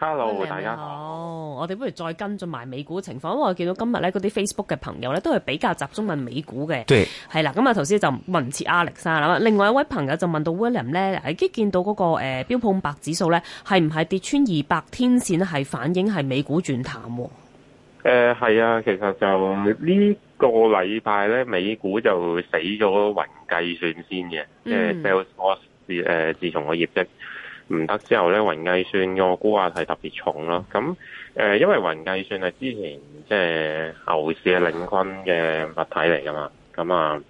hello，hello 大家好。我哋不如再跟進埋美股情況，因為我見到今日咧嗰啲 Facebook 嘅朋友咧都係比較集中問美股嘅。係啦對，咁啊，頭先就問切阿力山啦。另外一位朋友就問到 William 咧，那個，喺見到嗰個誒標普五百指數咧係唔係跌穿二百天線，係反映係美股轉淡？誒，係啊，其實就這個星期呢個禮拜咧，美股就死咗雲計算先嘅，即係 Salesforce 自誒、呃、自從個業績。唔得之後咧，雲計算個估價係特別重咯。咁誒、呃，因為雲計算係之前即係牛市嘅領軍嘅物體嚟㗎嘛。咁啊，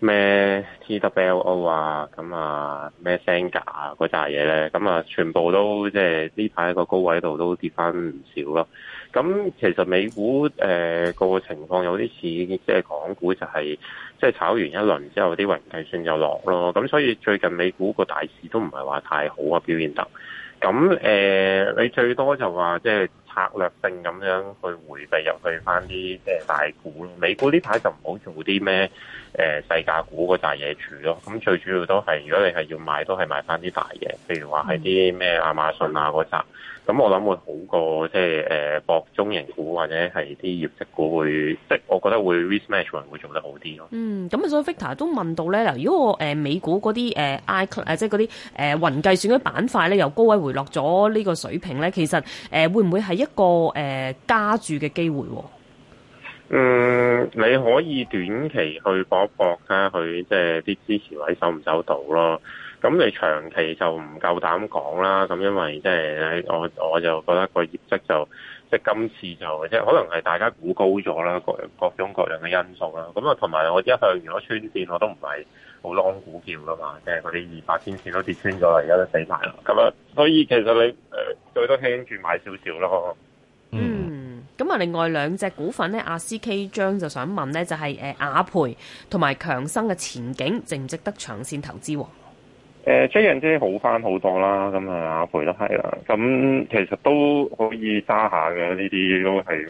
咩 TWO 啊，咁啊，咩 Seng 啊，嗰扎嘢咧，咁啊，全部都即係呢排個高位度都跌翻唔少咯。咁其實美股誒個情況有啲似即係港股，就係即係炒完一輪之後啲雲計算又落咯。咁所以最近美股個大市都唔係話太好啊，表現得。咁誒，你最多就話即係。策略性咁樣去回避入去翻啲即係大股咯，美股呢排就唔好做啲咩誒細價股嗰扎嘢住咯。咁最主要都係如果你係要買，都係買翻啲大嘅，譬如話係啲咩亞馬遜啊嗰扎。咁、嗯、我諗會好過即係誒博中型股或者係啲業績股會，即我覺得會 re-match 會做得好啲咯。嗯，咁啊，所以 Victor 都問到咧，嗱，如果我誒美股嗰啲誒 iCloud 即係嗰啲誒雲計算嘅板塊咧，由高位回落咗呢個水平咧，其實誒、呃、會唔會喺？一個誒、呃、加注嘅機會，哦，嗯，你可以短期去搏一搏，睇下佢即係啲支持位守唔守到咯。咁你長期就唔夠膽講啦。咁因為即係我我就覺得個業績就即係今次就即係可能係大家估高咗啦，各樣各種各樣嘅因素啦。咁啊，同埋我一向如果穿線，我都唔係。好 long 股票噶嘛，即係嗰啲二百千線都跌穿咗，而家都死埋啦。咁啊，所以其實你誒最多輕住買少少咯。嗯，咁啊，另外兩隻股份咧，阿 C K 張就想問咧，就係誒雅培同埋強生嘅前景值唔值得長線投資？誒出 i a 好翻好多啦，咁啊雅培都係啦，咁其實都可以揸下嘅，呢啲都係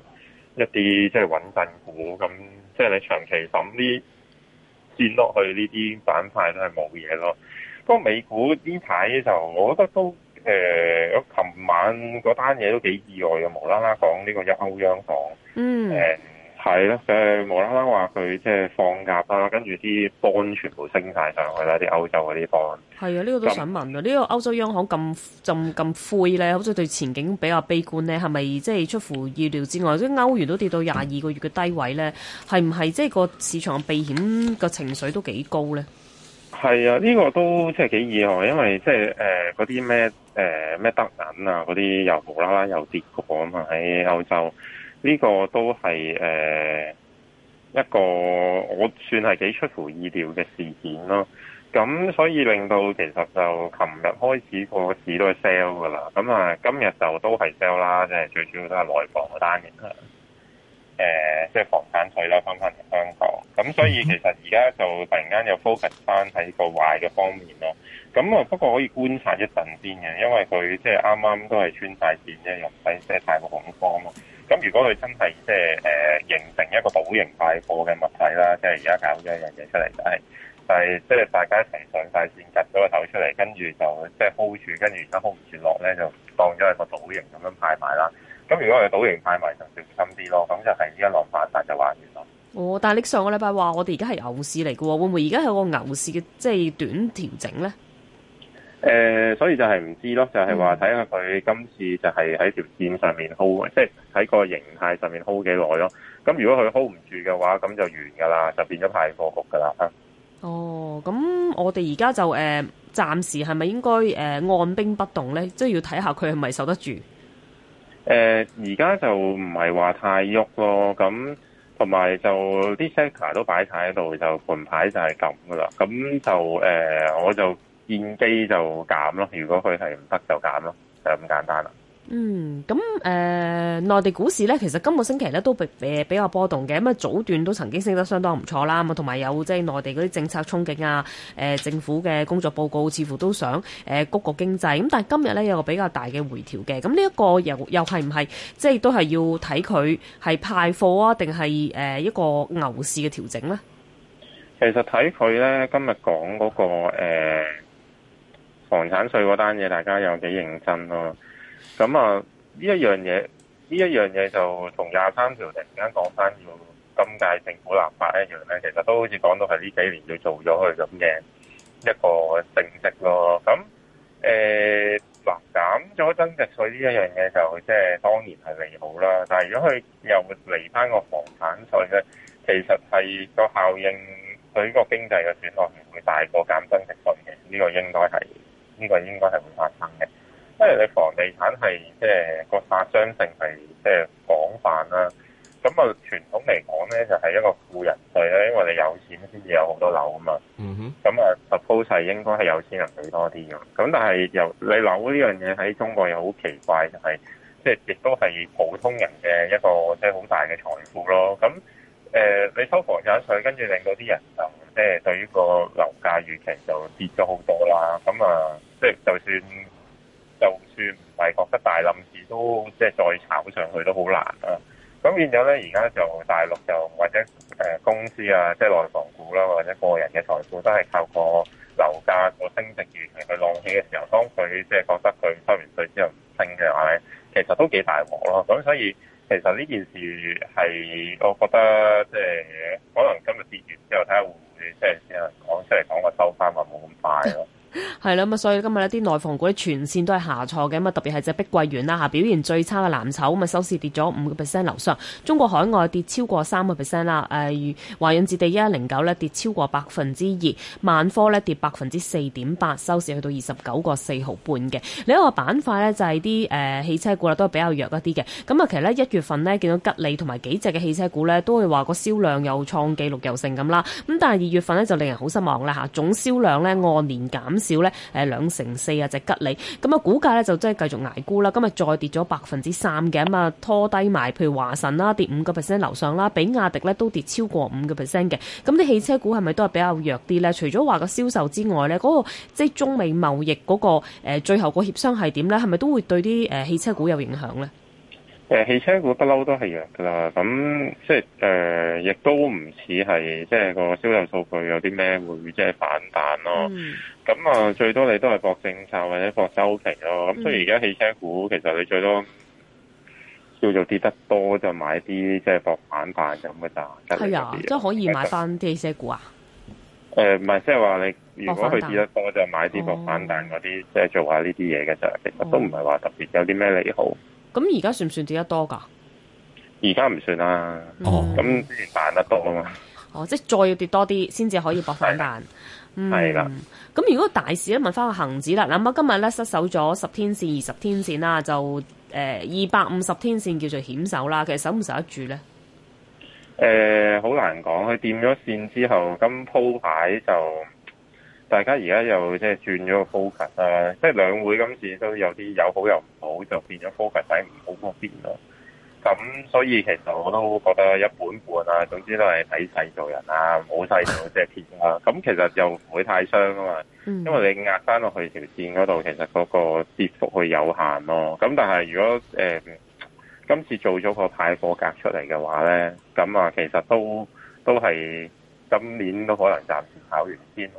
一啲即係穩陣股，咁即係你長期諗呢。跌落去呢啲板塊都係冇嘢咯，不過美股呢排就我覺得都誒，我、呃、琴晚嗰單嘢都幾意外嘅，無啦啦講呢個一歐央行。嗯，係啦，即無啦啦話佢即係放假啦，跟住啲 bond 全部升晒上去啦，啲歐洲嗰啲 bond 係啊，呢個都想問啊，呢個歐洲央行咁咁咁灰咧，好似對前景比較悲觀咧，係咪即係出乎意料之外？即係歐元都跌到廿二個月嘅低位咧，係唔係即係個市場避險嘅情緒都幾高咧？係啊，呢個都即係幾意外，因為即係誒嗰啲咩誒咩德銀啊嗰啲又無啦啦又跌過啊嘛，喺歐洲。呢個都係誒、呃、一個我算係幾出乎意料嘅事件咯。咁所以令到其實就琴日開始個市都係 sell 噶啦。咁啊，今日就都係 sell 啦，即係最主要都係內房嗰單嘢。誒即係房產稅啦，翻翻嚟香港。咁所以其實而家就突然間又 focus 翻喺個壞嘅方面咯。咁啊，不過可以觀察一陣先嘅，因為佢即係啱啱都係穿晒綫啫，又唔使即係太恐慌。如果佢真係即係誒，形成一個島形派貨嘅物體啦，即係而家搞咗一樣嘢出嚟，就是，就係就係即係大家一齊上晒線，夾咗個頭出嚟，跟住就即係 hold 住，跟住而家 hold 唔住落咧，就當咗係個島形咁樣派賣啦。咁如果係島形派賣就小心啲咯。咁就係而家浪翻晒就完咯。哦，但係你上個禮拜話我哋而家係牛市嚟嘅，會唔會而家係個牛市嘅即係短調整咧？誒、呃，所以就係唔知咯，就係話睇下佢今次就係喺條線上面 hold，即係喺個形態上面 hold 幾耐咯。咁如果佢 hold 唔住嘅話，咁就完噶啦，就變咗派貨局噶啦。哦，咁我哋而家就誒，暫、呃、時係咪應該誒、呃、按兵不動咧？即、就、係、是、要睇下佢係咪受得住。誒、呃，而家就唔係話太喐咯，咁同埋就啲 sector 都擺晒喺度，就盤牌就係咁噶啦。咁就誒、呃，我就。見機就減咯，如果佢係唔得就減咯，就咁簡單啦。嗯，咁誒，內地股市咧，其實今個星期咧都比比，比較波動嘅，咁啊早段都曾經升得相當唔錯啦，咁啊同埋有即係內地嗰啲政策憧憬啊，誒、呃、政府嘅工作報告似乎都想誒谷個經濟，咁但係今日咧有個比較大嘅回調嘅，咁呢一個又又係唔係即係都係要睇佢係派貨啊，定係誒一個牛市嘅調整咧？其實睇佢咧今日講嗰個誒。呃房產稅嗰單嘢，大家有幾認真咯？咁啊，呢一樣嘢，呢一樣嘢就同廿三條突然間講翻要今屆政府立法一樣咧，其實都好似講到係呢幾年要做咗佢咁嘅一個成績咯。咁誒，嗱、欸呃、減咗增值稅呢一樣嘢就即係當然係利好啦。但係如果佢又嚟翻個房產稅咧，其實係個效應佢個經濟嘅損落唔會大過減增值稅嘅，呢、呢個應該係。呢個應該係會發生嘅，因為你房地產係即係個殺傷性係即係廣泛啦。咁啊，傳統嚟講咧就係一個富人稅咧，因為你有錢先至有好多樓啊嘛。嗯哼。咁啊，suppose 係應該係有錢人俾多啲嘅。咁但係由你樓呢樣嘢喺中國又好奇怪，就係即係亦都係普通人嘅一個即係好大嘅財富咯。咁誒，你收房產稅，跟住令到啲人就即係對於個樓價預期就跌咗好多啦。咁啊～即係就算，就算唔係覺得大冧市，都即係再炒上去都好難啊！咁變咗咧，而家就大陸就或者誒公司啊，即係內房股啦、啊，或者個人嘅財富都係靠個樓價個升值現象去浪起嘅時候，當佢即係覺得佢收完稅之後唔升嘅話咧，其實都幾大鑊咯。咁所以其實呢件事係我覺得，即係可能今日跌完之後，睇下會唔會即係先講出嚟講個收翻話冇咁快咯，啊。係啦，咁所以今日呢啲內房股咧全線都係下挫嘅，咁啊，特別係隻碧桂園啦吓，表現最差嘅藍籌，咁啊，收市跌咗五個 percent 樓上，中國海外跌超過三個 percent 啦，誒，華潤置地一一零九咧跌超過百分之二，萬科咧跌百分之四點八，收市去到二十九個四毫半嘅。另一個板塊呢就係啲誒汽車股啦，都係比較弱一啲嘅。咁啊，其實呢，一月份呢見到吉利同埋幾隻嘅汽車股呢，都會話個銷量又創紀錄又成咁啦，咁但係二月份呢，就令人好失望啦吓，總銷量呢，按年減。少咧，誒兩成四啊，隻吉利，咁啊，股價咧就真係繼續捱沽啦。今日再跌咗百分之三嘅，咁啊拖低埋，譬如華晨啦跌五個 percent 樓上啦，比亞迪咧都跌超過五個 percent 嘅。咁啲汽車股係咪都係比較弱啲咧？除咗話個銷售之外咧，嗰個即係中美貿易嗰個、誒、最後個協商係點咧？係咪都會對啲誒汽車股有影響咧？誒，汽車股一是的、呃、不嬲都係弱噶啦，咁即係誒，亦都唔似係即係個銷售數據有啲咩會即係反彈咯。咁啊、嗯，最多你都係搏政策或者搏周期咯。咁、嗯、所以而家汽車股其實你最多叫做跌得多就買啲即係搏反彈咁噶咋。係啊，都可以買翻啲汽車股啊。誒、呃，唔係，即係話你如果佢跌得多就買啲搏反彈嗰啲，哦、即係做下呢啲嘢嘅咋。其實都唔係話特別有啲咩利好。咁而家算唔算跌得多噶？而家唔算啦，哦，咁之前彈得多啊嘛。哦，即係再要跌多啲，先至可以搏反彈。係啦。咁如果大市咧，問翻個恒指啦，嗱咁啊，今日咧失守咗十天線、二十天線啦，就誒二百五十天線叫做險守啦，其實守唔守得住咧？誒、呃，好難講，佢掂咗線之後，咁鋪牌就。大家而家又即係轉咗個 focus 啊！即係兩會今次都有啲有好有唔好，就變咗 focus 喺唔好嗰邊咯。咁所以其實我都覺得一本貫啊，總之都係睇細做人啊，冇細做即係騙啦。咁其實又唔會太傷啊嘛，因為你壓翻落去條線嗰度，其實嗰個跌幅係有限咯。咁但係如果誒、欸、今次做咗個派貨格出嚟嘅話咧，咁啊其實都都係今年都可能暫時考完先。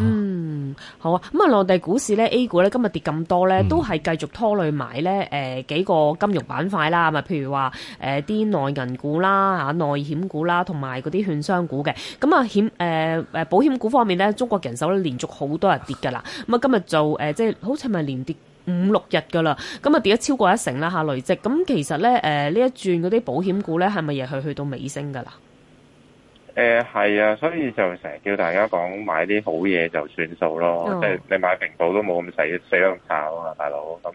嗯，好啊。咁啊，內地股市咧，A 股咧，今日跌咁多咧，嗯、都係繼續拖累埋咧、呃，幾個金融板塊啦，咪譬如話啲、呃、內銀股啦、啊、內險股啦，同埋嗰啲券商股嘅。咁啊、呃，保險股方面咧，中國人手中國人壽咧連續好多日跌噶啦。咁啊，今日就、呃、即係好似咪連跌五六日噶啦。咁啊，跌咗超過一成啦下累積。咁其實咧呢、呃、一轉嗰啲保險股咧係咪又係去到尾聲噶啦？誒係、呃、啊，所以就成日叫大家講買啲好嘢就算數咯，即係、oh. 你買蘋果都冇咁死得咁炒啊，大佬。咁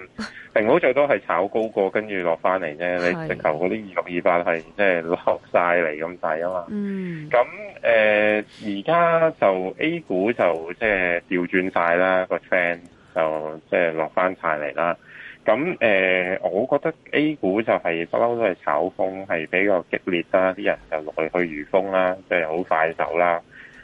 蘋果最多係炒高過，跟住落翻嚟啫。 你直頭嗰啲二六二八係即係落晒嚟咁滯啊嘛。嗯、mm.。咁、呃、誒，而家就 A 股就即係調轉晒啦，個 trend 就即係落翻晒嚟啦。咁誒、呃，我覺得 A 股就係不嬲都係炒風，係比較激烈啦，啲人就來去如風、就是、啦，即係好快手啦。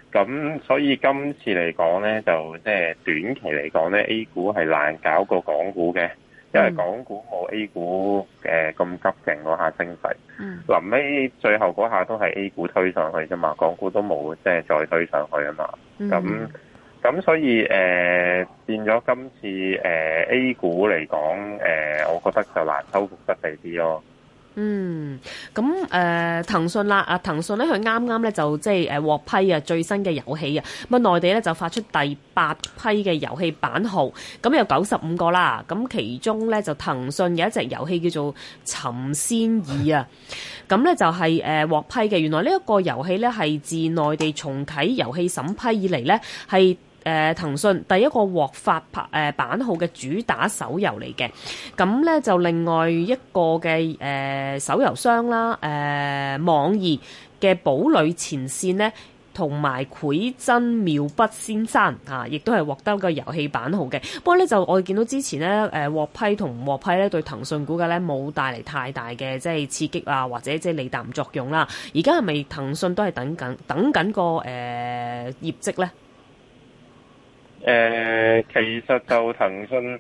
咁所以今次嚟講咧，就即係、就是、短期嚟講咧，A 股係難搞過港股嘅，因為港股冇 A 股咁急勁嗰下升勢。嗯。臨尾最後嗰下都係 A 股推上去啫嘛，港股都冇即係再推上去啊嘛。咁咁所以誒、呃、變咗今次誒、呃、A 股嚟講誒，我覺得就難收復得快啲咯。嗯，咁誒、呃、騰訊啦，啊騰訊咧佢啱啱咧就即係誒獲批啊最新嘅遊戲啊，咁啊內地咧就發出第八批嘅遊戲版號，咁有九十五個啦。咁其中咧就騰訊有一隻遊戲叫做《尋仙二》啊，唉、呃，咁咧就係誒獲批嘅。原來呢一個遊戲咧係自內地重啟遊戲審批以嚟咧誒騰訊第一個獲發版號嘅主打手遊嚟嘅，咁呢就另外一個嘅誒手遊商啦，誒網易嘅《堡壘前線》呢，同埋《繪真妙筆先生》啊，亦都係獲得個遊戲版號嘅。不過呢，就我哋見到之前呢，誒獲批同唔獲批呢，對騰訊股價呢冇帶嚟太大嘅即係刺激啊，或者即係利淡作用啦。而家係咪騰訊都係等緊等緊個誒、呃、業績呢？誒、呃，其實就騰訊呢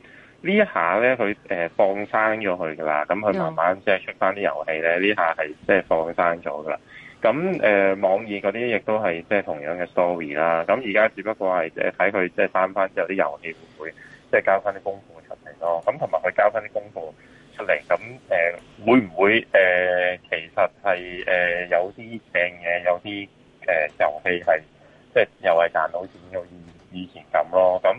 一下咧，佢誒放生咗佢噶啦。咁佢慢慢即係出翻啲遊戲咧，呢下係即係放生咗噶啦。咁誒、呃，網易嗰啲亦都係即係同樣嘅 story 啦。咁而家只不過係即睇佢即係翻翻之後啲遊戲會唔會即係會交翻啲功課出嚟咯。咁同埋佢交翻啲功課出嚟，咁誒、呃、會唔會誒、呃，其實係誒有啲正嘢，有啲誒遊戲係即係又係賺到錢嘅意義。以前咁咯，咁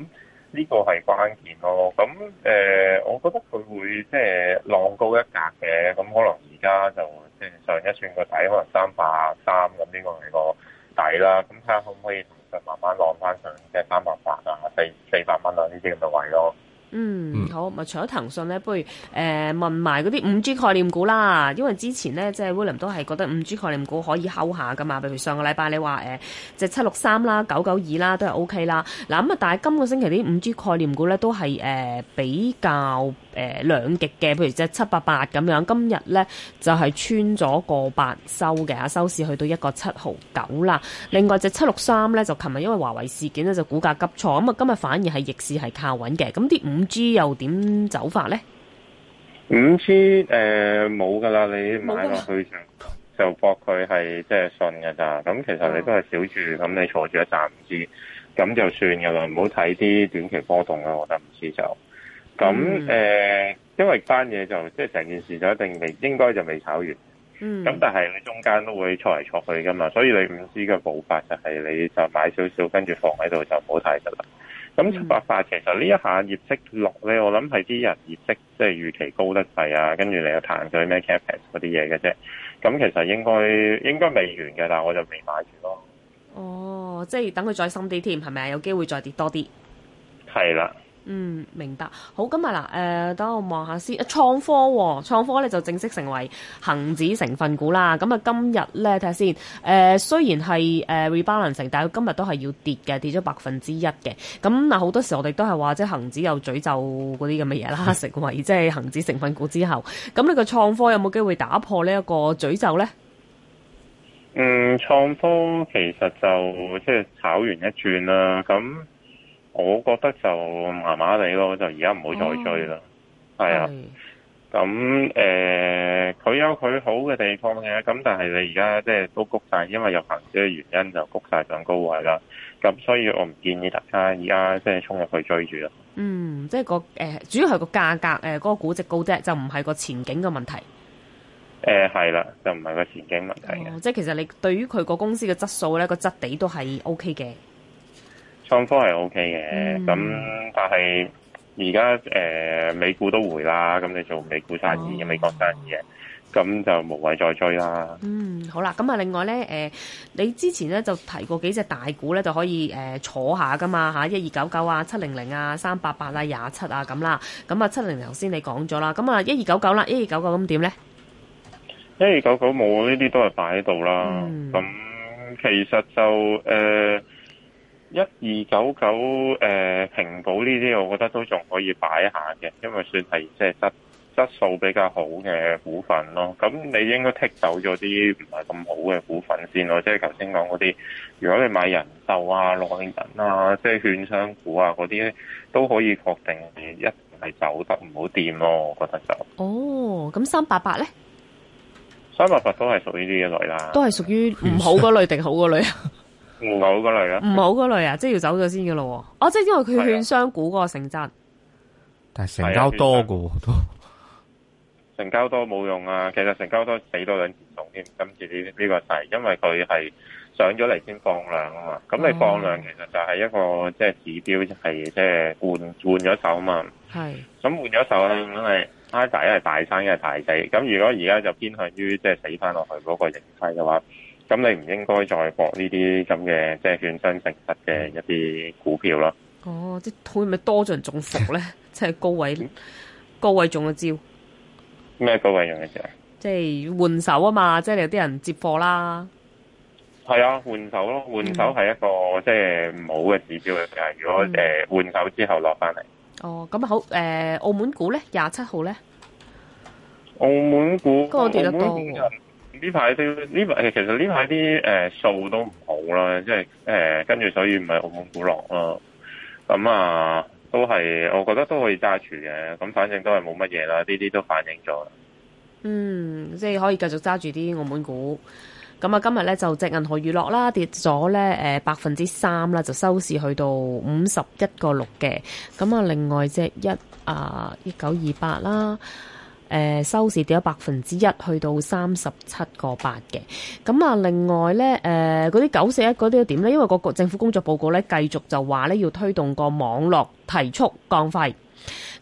呢個係關鍵咯，咁誒、呃，我覺得佢會即係浪高一格嘅，咁可能而家就即係上一寸個底，可能三百三咁，呢個係個底啦，咁睇下可唔可以再慢慢浪翻上，即係三百八啊，四四百蚊啊，呢啲咁嘅位咯。嗯，好，咪除咗騰訊咧，不如誒、呃、問埋嗰啲五 G 概念股啦，因為之前咧即係 William 都係覺得五 G 概念股可以考下噶嘛，譬如上個禮拜你話誒、呃、即係七六三啦、九九二啦都係 OK 啦，嗱咁啊，但係今個星期啲五 G 概念股咧都係誒、呃、比較誒、呃、兩極嘅，譬如即係七八八咁樣，今日咧就係、是、穿咗個八收嘅，嚇收市去到一個七毫九啦。另外即呢就七六三咧就琴日因為華為事件咧就股價急挫，咁、嗯、啊今日反而係逆市係靠穩嘅，咁啲五。五 G 又點走法咧？五 G 誒、呃，冇噶啦，你買落去就就搏佢係即係信噶咋。咁其實你都係少注，咁、oh. 你坐住一站唔知咁就算噶啦。唔好睇啲短期波動啦，我覺得五 G 就咁誒、mm. 呃，因為單嘢就即係成件事就一定未應該就未炒完。嗯。咁但係佢中間都會錯嚟錯去噶嘛，所以你五 G 嘅步伐就係你就買少少，跟住放喺度就唔好睇噶啦。咁七八八其實呢一下業績落咧，我諗係啲人業績即係預期高得滯啊，跟住你又彈啲咩 CapEx 嗰啲嘢嘅啫。咁其實應該應該未完嘅，但係我就未買住咯。哦，即係等佢再深啲添，係咪啊？有機會再跌多啲。係啦。嗯，明白。好，今日、呃、看看啊嗱，等我望下先。創科、哦，創科咧就正式成為恒指成分股啦。咁啊，今日咧睇下先、呃。雖然係誒 rebalance，但係今日都係要跌嘅，跌咗百分之一嘅。咁嗱，好多時我哋都係話即係恆指有詛咒嗰啲咁嘅嘢啦，成為即係恒指成分股之後，咁你個創科有冇機會打破呢一個詛咒咧？嗯，創科其實就即係、就係、炒完一轉啦，咁。我覺得就麻麻地咯，就而家唔好再追啦。係啊，咁誒、啊，佢的、呃、有佢好嘅地方嘅、啊，咁但係你而家即係都谷晒，因為有行住嘅原因就谷晒上高位啦。咁所以，我唔建議大家而家即係衝入去追住啦。嗯，即係、那個誒、呃，主要係個價格誒，嗰、呃那個估值高啫，就唔係個前景嘅問題。誒、呃，係啦，就唔係個前景問題、哦、即係其實你對於佢個公司嘅質素咧，個質地都係 OK 嘅。上科係 O K 嘅，咁、OK 嗯、但係而家誒美股都回啦，咁你做美股生意嘅美國生意嘅，咁就無謂再追啦。嗯，好啦，咁啊，另外咧，誒、呃，你之前咧就提過幾隻大股咧就可以誒、呃、坐下噶嘛吓，一二九九啊，七零零啊，三八八啊，廿七啊咁啦，咁啊七零零頭先你講咗啦，咁啊一二九九啦，一二九九咁點咧？一二九九冇呢啲都係擺喺度啦，咁其實就誒。呃一二九九誒，平保呢啲，我覺得都仲可以擺下嘅，因為算係即係質質素比較好嘅股份咯。咁你應該剔走咗啲唔係咁好嘅股份先咯，即係頭先講嗰啲。如果你買人壽啊、朗人啊、即係券商股啊嗰啲，都可以確定係一定走得唔好掂咯，我覺得就。哦，咁三八八咧？三八八都係屬於呢一類啦。都係屬於唔好嗰類定好嗰類啊？ 唔好嗰類，類啊！唔好嗰類啊，即係要走咗先噶咯、啊。哦，即係因為佢券商股嗰個性質，啊、但係成交多噶、啊、都，成交多冇用啊。其實成交多死多兩件重添、啊。今次呢呢、呢個勢，因為佢係上咗嚟先放量啊嘛。咁、嗯、你放量其實就係一個即係、就是、指標係即係換換咗手啊嘛。係咁換咗手咧，因為 I 大係大山嘅大地咁如果而家就偏向於即係死翻落去嗰個形態嘅話。咁你唔應該再博呢啲咁嘅，即係券商性質嘅一啲股票咯。哦，即係會唔會多咗人中伏咧？即係 高位，嗯、高位中嘅招。咩高位中嘅招？即係換手啊嘛！即係你有啲人接貨啦。係啊，換手咯，換手係一個即係唔好嘅指標嚟嘅。嗯、如果誒換手之後落翻嚟。哦，咁好誒、呃，澳門股咧，廿七號咧。澳門股個跌得多。呢排啲呢，排其實呢排啲誒數都唔好啦，即係誒跟住所以唔係澳門股落咯，咁啊都係，我覺得都可以揸住嘅，咁反正都係冇乜嘢啦，呢啲都反映咗。嗯，即係可以繼續揸住啲澳門股。咁啊，今日咧就隻銀河娛樂啦跌咗咧誒百分之三啦，就收市去到五十一個六嘅。咁啊，另外隻一啊一九二八啦。誒、呃、收市跌咗百分之一，去到三十七個八嘅。咁啊，另外呢，誒嗰啲九四一嗰啲點呢？因為個政府工作報告呢，繼續就話呢要推動個網絡提速降費。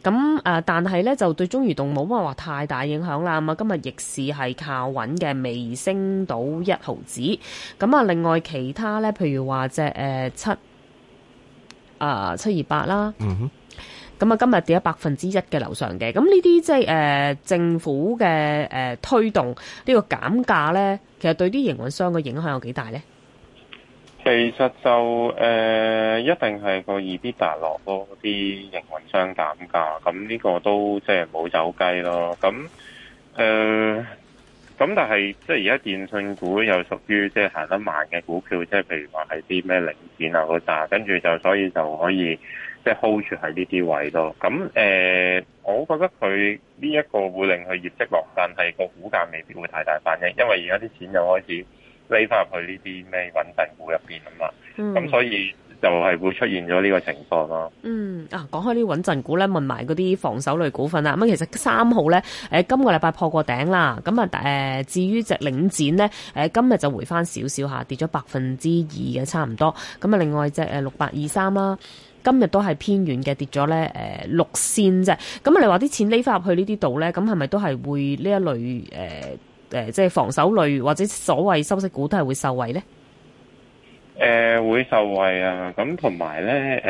咁、呃、但係呢，就對中移動冇乜話太大影響啦。咁啊，今日逆市係靠穩嘅，微升到一毫子。咁啊，另外其他呢，譬如話隻誒七啊七二八啦。嗯哼。咁啊，今日跌咗百分之一嘅樓上嘅，咁呢啲即係政府嘅誒、呃、推動呢、呢個減價咧，其實對啲營運商嘅影響有幾大咧？其實就誒、呃，一定係個二 B 大落嗰啲營運商減價，咁呢個都即係冇走雞咯。咁誒、咁、呃、但係即係而家電信股又屬於即係行得慢嘅股票，即係譬如話係啲咩零件啊好扎，跟住就所以就可以。即係 hold 住喺呢啲位咯。咁誒、呃，我覺得佢呢一個會令佢業績落，但係個股價未必會太大反應，因為而家啲錢又開始匿翻入去呢啲咩穩陣股入邊啊嘛。咁、嗯、所以就係會出現咗呢個情況咯。嗯啊，講開啲穩陣股咧，問埋嗰啲防守類股份啦。咁其實三號咧，今個禮拜破過頂啦。咁啊、呃、至於隻領展咧、呃，今日就回翻少少下，跌咗百分之二嘅差唔多。咁啊，另外隻誒六百二三啦。呃今日都係偏遠嘅跌咗咧，誒、呃、六仙啫。咁你話啲錢匿翻入去呢啲度咧，咁係咪都係會呢一類誒誒，即、呃、係、呃就係、防守類或者所謂收息股都係會受惠咧？誒、呃、會受惠啊！咁同埋咧，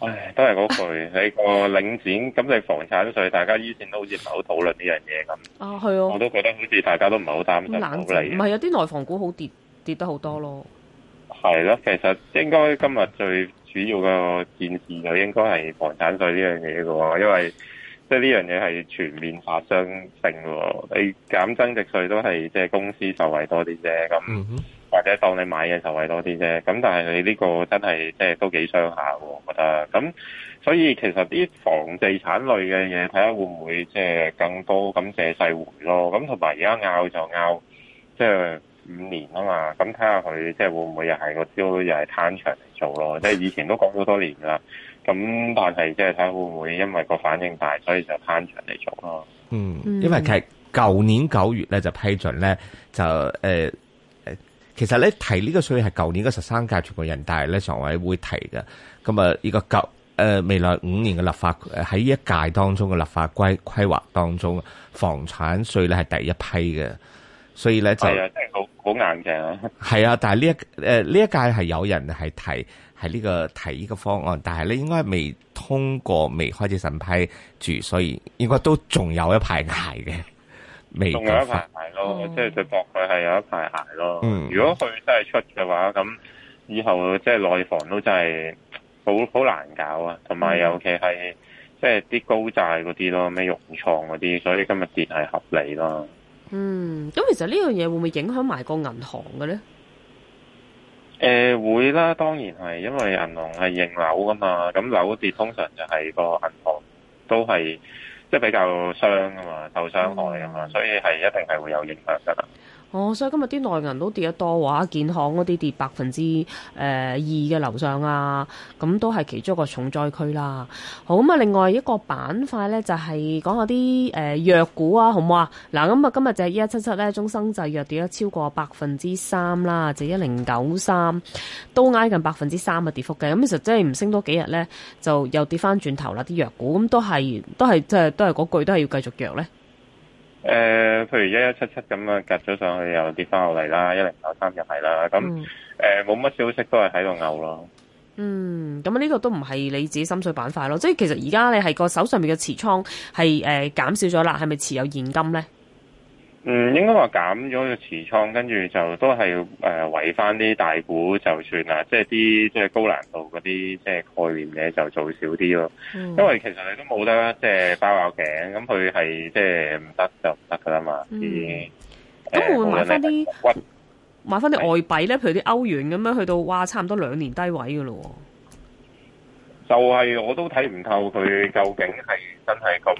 誒、呃、唉都係嗰句，啊、你個領展咁，你房產稅大家以前都好似唔係好討論呢樣嘢咁。哦，係啊，啊我都覺得好似大家都唔係好擔心。唔係、啊、有啲內房股好跌跌得好多咯？係咯、嗯，其實應該今日最主要嘅件事就是應該係房產稅呢樣嘢嘅喎，因為即係呢樣嘢係全面殺傷性嘅喎。你減增值稅都係即係公司受惠多啲啫，咁或者當你買嘢受惠多啲啫。咁但係你呢個真係即係都幾傷下，我覺得咁。所以其實啲房地產類嘅嘢睇下會唔會即係更多咁借勢回咯。咁同埋而家拗就拗，即係。五年啊嘛，咁睇下佢即係會唔會又係、個招又係攤場嚟做咯？即係以前都講好多年啦，咁但係即係睇下會唔會因為個反應大，所以就攤場嚟做咯？嗯，因為其實舊年九月咧就批准，咧就誒誒、呃，其實咧提呢個稅係舊年個十三屆全國人大咧常委會提嘅，咁啊呢個舊誒、呃、未來五年嘅立法喺呢一屆當中嘅立法規規劃當中，房產稅咧係第一批嘅，所以咧就係啊，好。即好硬淨啊！係啊，但係呢一誒呢、呃、一屆係有人係提，係呢、這個提呢個方案，但係咧應該未通過，未開始審批住，所以應該都仲有一排挨嘅。未仲有一排挨咯，嗯、即係佢博佢係有一排挨咯。嗯，如果佢真係出嘅話，咁以後即係內房都真係好好難搞啊！同埋尤其係即係啲高債嗰啲咯，咩融創嗰啲，所以今日跌係合理咯。嗯，咁其實呢樣嘢會唔會影響埋個銀行嘅咧？誒、呃，會啦，當然係，因為銀行係認樓噶嘛，咁樓跌通常就係個銀行都係即係比較傷啊嘛，受傷害啊嘛，所以係一定係會有影響噶啦。哦，所以今日啲內銀都跌得多話，建行嗰啲跌百分之誒二嘅樓上啊，咁都係其中一個重災區啦。好，咁啊，另外一個板塊咧就係、是、講下啲、呃、藥股啊，好唔好啊？嗱，咁啊今日就一一七七咧，中生製藥跌咗超過百分之三啦，就一零九三都挨近百分之三嘅跌幅嘅。咁其實即係唔升多幾日咧，就又跌翻轉頭啦啲藥股，咁都係都係即係都係嗰句，都係要繼續弱咧。誒、呃，譬如一一七七咁，隔咗上去又跌翻落嚟啦，一零九三又係啦，咁誒冇乜消息都係喺度牛咯。嗯，咁呢個都唔係你自己心水板塊咯，即係其實而家你係個手上面嘅持倉係誒減少咗啦，係咪持有現金咧？嗯，應該話減咗個持倉，跟住就都係誒，圍翻啲大股就算啦，即係啲即係高難度嗰啲即係概念嘢就做少啲咯。嗯、因為其實你都冇得即係包拗頸，咁佢係即係唔得就唔得噶啦嘛。嗯，咁、欸、會唔會買翻啲買翻啲對外幣咧？譬如啲歐元咁樣去到，哇，差唔多兩年低位噶咯。就係我都睇唔透佢究竟係真係咁。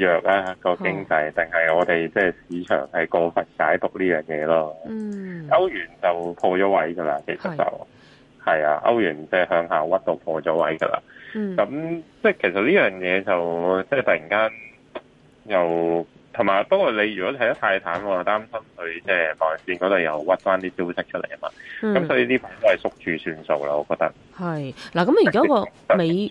弱啦、啊個經濟，定係的我哋即係市場係過分解讀呢樣嘢咯。歐元就破咗位㗎啦、嗯，其實就係啊，歐元即係向下屈到破咗位㗎啦。咁即係其實呢樣嘢就即係突然間又同埋。不過你如果睇得太淡我就擔心佢即係內線嗰度又屈翻啲消息出嚟啊嘛。咁、嗯、所以啲盤都係縮住算數啦，我覺得。係嗱，咁而家個美。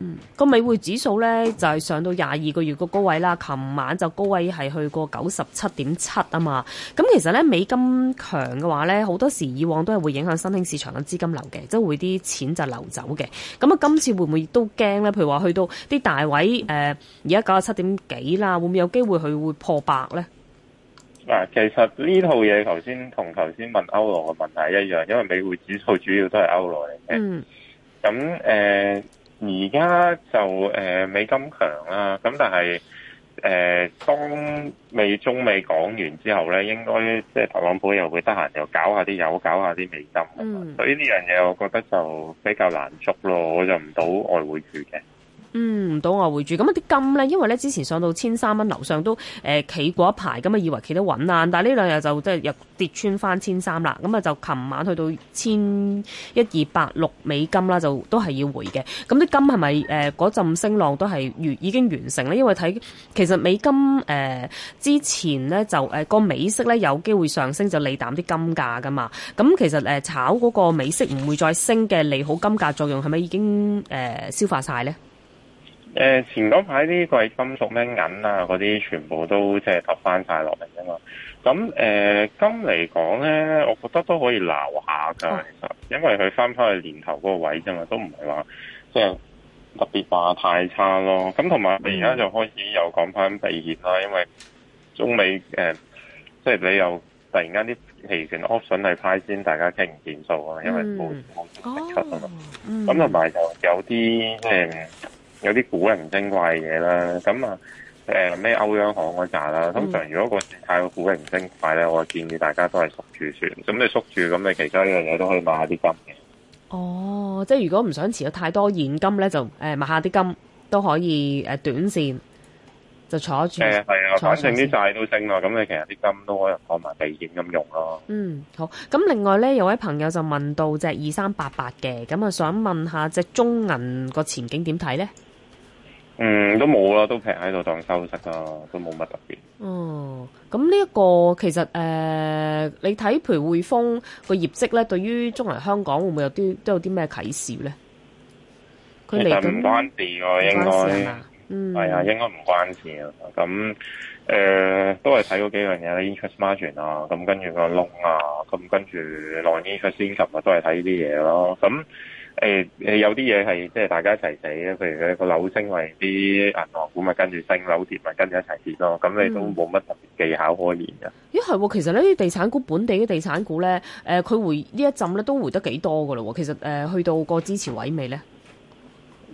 嗯，個美匯指數咧，就係上到廿二個月個高位啦。琴晚就高位係去過九十七點七啊嘛。咁其實咧，美金強嘅話咧，好多時以往都係會影響新興市場嘅資金流嘅，即係會啲錢就流走嘅。咁啊，今次會唔會都驚咧？譬如話去到啲大位，誒，而家九十七點幾啦，會唔會有機會佢會破百咧？嗱，其實呢套嘢頭先同頭先問歐羅嘅問題一樣，因為美匯指數主要都係歐羅嚟嘅。咁誒、嗯。而家就誒、呃、美金強啦，啊，咁但係誒當美中美講完之後咧，應該即係特朗普又會得閒又搞下啲油，搞下啲美金，嗯、所以呢樣嘢我覺得就比較難捉咯，我就唔到外匯處嘅。嗯，唔到我回住咁啲金呢，因為呢之前上到千三蚊樓上都誒企、呃、過一排咁啊，以為企得穩啦。但係呢兩日就即係又跌穿翻千三啦。咁啊，就琴晚去到千一二百六美金啦，就都係要回嘅。咁啲金係咪誒嗰陣升浪都係完已經完成呢？因為睇其實美金誒、呃、之前呢，就個、呃、美息呢，有機會上升，就利淡啲金價噶嘛。咁其實誒炒嗰個美息唔會再升嘅，利好金價作用係咪已經誒、呃、消化晒呢？誒、呃，前嗰排啲貴金屬咩銀啊，嗰啲全部都即係揼翻晒落嚟啊嘛。咁誒，金嚟講咧，我覺得都可以留下噶，其實，因為佢翻翻去年頭嗰個位啫嘛，都唔係話即係特別話太差咯。咁同埋，而家就開始有講翻避險啦，嗯、因為中美誒，即係你又突然間啲期權 option 係派先，大家傾唔掂數啊，因為冇冇跌出啊嘛。咁同埋就有啲即係。呃嗯有啲古靈精怪嘢啦，咁啊，誒咩歐央行嗰扎啦，通常如果個市太過古靈精怪咧，我建議大家都係縮住算。咁你縮住，咁你其他呢樣嘢都可以買下啲金嘅。哦，即係如果唔想持有太多現金咧，就誒買下啲金都可以，誒短線就坐住。誒係啊，反正啲債都升啦，咁你其實啲金都可以放埋避險咁用咯。嗯，好。咁另外咧，有位朋友就問到隻二三八八嘅，咁啊想問下隻中銀個前景點睇咧？嗯，都冇啦，都平喺度當收息啊，都冇乜特別。哦、嗯，咁呢一個其實誒、呃，你睇譬如匯豐個業績咧，對於中銀香港會唔會有啲都有啲咩啟示咧？佢嚟緊唔關事喎，應該，嗯，係啊，應該唔關事啊。咁誒，都係睇嗰幾樣嘢啦 interest margin 啊，咁跟住個 loan 啊，咁跟住 non-interest income 啊，都係睇呢啲嘢咯。咁。誒誒、欸，有啲嘢係即係大家一齊死，譬如咧個樓升，升，為啲銀行股咪跟住升，樓跌咪跟住一齊跌咯。咁你都冇乜特別技巧可言噶。咦、嗯，係、欸、喎！其實呢啲地產股，本地嘅地產股咧，誒、呃，佢回一呢一浸咧都回得幾多噶喎。其實誒、呃，去到個支持位未咧？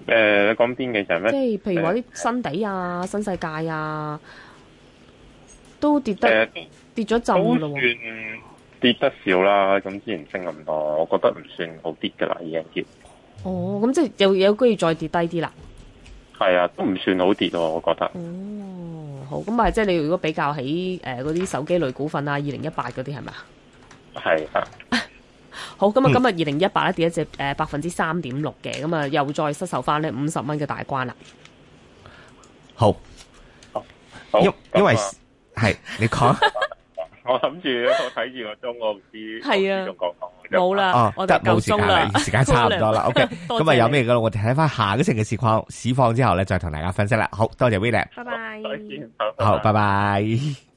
誒、呃，你講邊嘅就係咩？即係譬如話啲新地啊、呃、新世界啊，都跌得、呃、都跌咗浸喎。跌得少啦，咁之前升咁多，我覺得唔算好跌㗎啦，已經。哦，咁即係有有機會再跌低啲啦。係啊，都唔算好跌喎，我覺得。哦，好，咁啊，即係你如果比較起誒嗰啲手機類股份啊，二零一八嗰啲係咪？係、呃、啊好、哦。好，咁於啊，今日二零一八咧跌一隻誒百分之三點六嘅，咁啊又再失守翻呢五十蚊嘅大關啦。好。好。因因為係，你講。 我諗住我睇住個鐘，我唔知。係啊，冇啦，得冇時間，時間差唔多啦。OK，咁啊有咩噶啦？我哋睇翻下嗰成嘅市況市況之後咧，再同大家分析啦。好多謝 William，好拜拜，再見，好，拜拜。